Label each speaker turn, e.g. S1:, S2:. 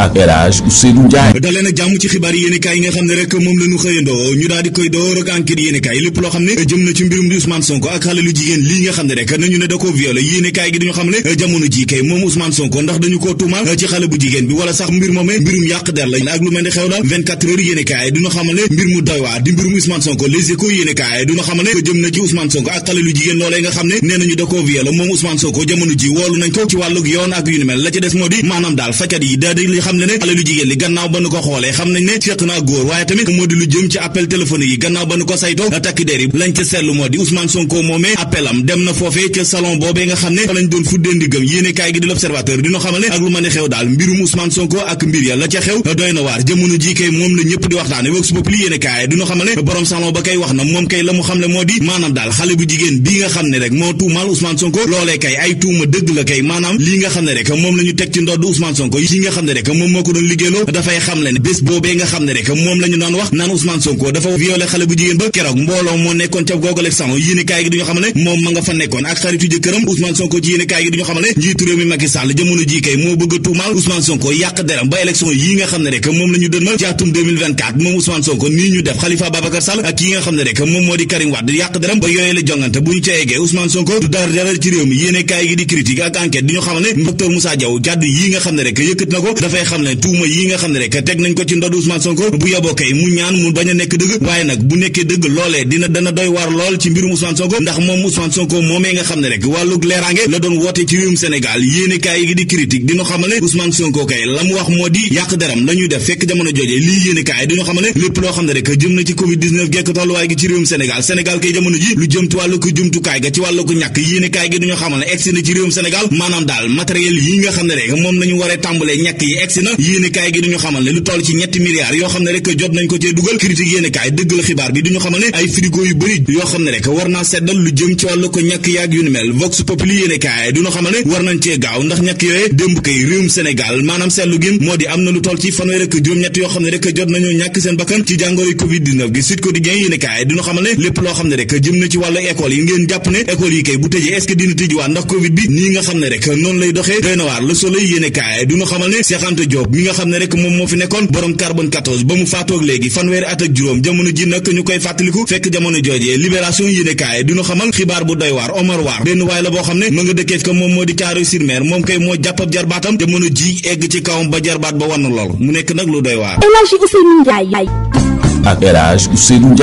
S1: ak El jàmm ci xibaar yi yéenekaay yi nga xam ne rek moom la xëyandoo ñu daal di koy door ak enquête yéenekaay lépp loo xam ne jëm na ci mbirum di Ousmane ak xale lu jigéen lii nga xam ne rek nañu da koo violé moom Ousmane Sonko ndax dañu ji woolu nañ ko ci wàllug yoon ak yu ni mel la ci des moo di maanaam daal fakat yi da xam ne ne alalu jigéen li gannaaw ba nu ko xoolee xam nañ ne seq naa góor waaye tamit moo di lu jëm ci appel téléphonique yi gannaaw ba nu ko saytoo takk der yi lañ ca seetlu moo di Ousmane Sonko moomee appelam dem na foofee ca salon boobee nga xam ne fa lañ doon fuddee ndigam yéene kaay gi di l'observateur dina xamal ak lu mën a xew daal mbirum Ousmane Sonko ak mbir ya la ca xew doy na waar jamono jii kay moom la ñëpp di waxtaane ba kay moom moo ko doon liggéeyloo dafay xam ne bés boobee nga xam ne rek moom la ñu ma nga moom la ñu dënmal nii ñu def Khalifa Babacar Sall ak yi nga xam ne rek moom moo di Karim Wade yàq deram ba yooyee la jongante bu ñu ca yeggee Ousmane Sonko du dara dara ci réew mi yéene kaay gi di critique ak enquête di ñu xam ne docteur Moussa jàdd yi nga xam ne rek yëkkat na ko dafay xam ne tuuma yi nga xam ne rek teg nañ ko ci ndodd Ousmane Sonko bu yeboo kay mu ñaan mu bañ a nekk dëgg waaye nag bu nekkee dëgg loolee dina dana doy waar lool ci mbirum Ousmane Sonko ndax moom Ousmane Sonko moomee nga xam ne rek wàllug leeraange la doon woote ci réewum Sénégal yéene kaay yi di critique dina xam ne Ousmane kay la mu wax moo di yàq deram la def fekk jamono jooje lii yéene kaay dina xam ne lépp loo xam ne rek jëm na ci covid 19 gekk tolluwaay gi ci réewum Sénégal Sénégal kay jamono ji lu jëm ci wàllu ko jumtukaay ga ci wàllu ko ñàkk yéene gi duñu na ci réewum Sénégal maanaam daal matériel yi yi agsi na yéenekaay gi duñu xamal ne lu toll ci ñetti milliards yoo xam ne rek jëm ne ci fanweer ak yi ngeen jàpp ne école yi kay bu tëjee est-ce que dina ndax covid bi nii nga xam ne rek noonu lay doxee doy na waar yéenekaay duñu xamal ne Anta Diop mi nga xam ne rek moom moo fi nekkoon borom carbone 14 ba mu faatoog léegi fanweeri at ak juróom jamono ji nag ñu koy fàttaliku fekk jamono joojee libération yéenekaay duñu xamal xibaar bu doy waar Omar Waar benn waay la boo xam ne ma nga dëkkee ko moom moo di caaroy sur moom kay moo jàppab jarbaatam jamono ji egg ci kawam ba jarbaat ba wann lool mu nekk nag lu doy waar. Elhadji Ousseynou Ndiaye ak Elhadji Ousseynou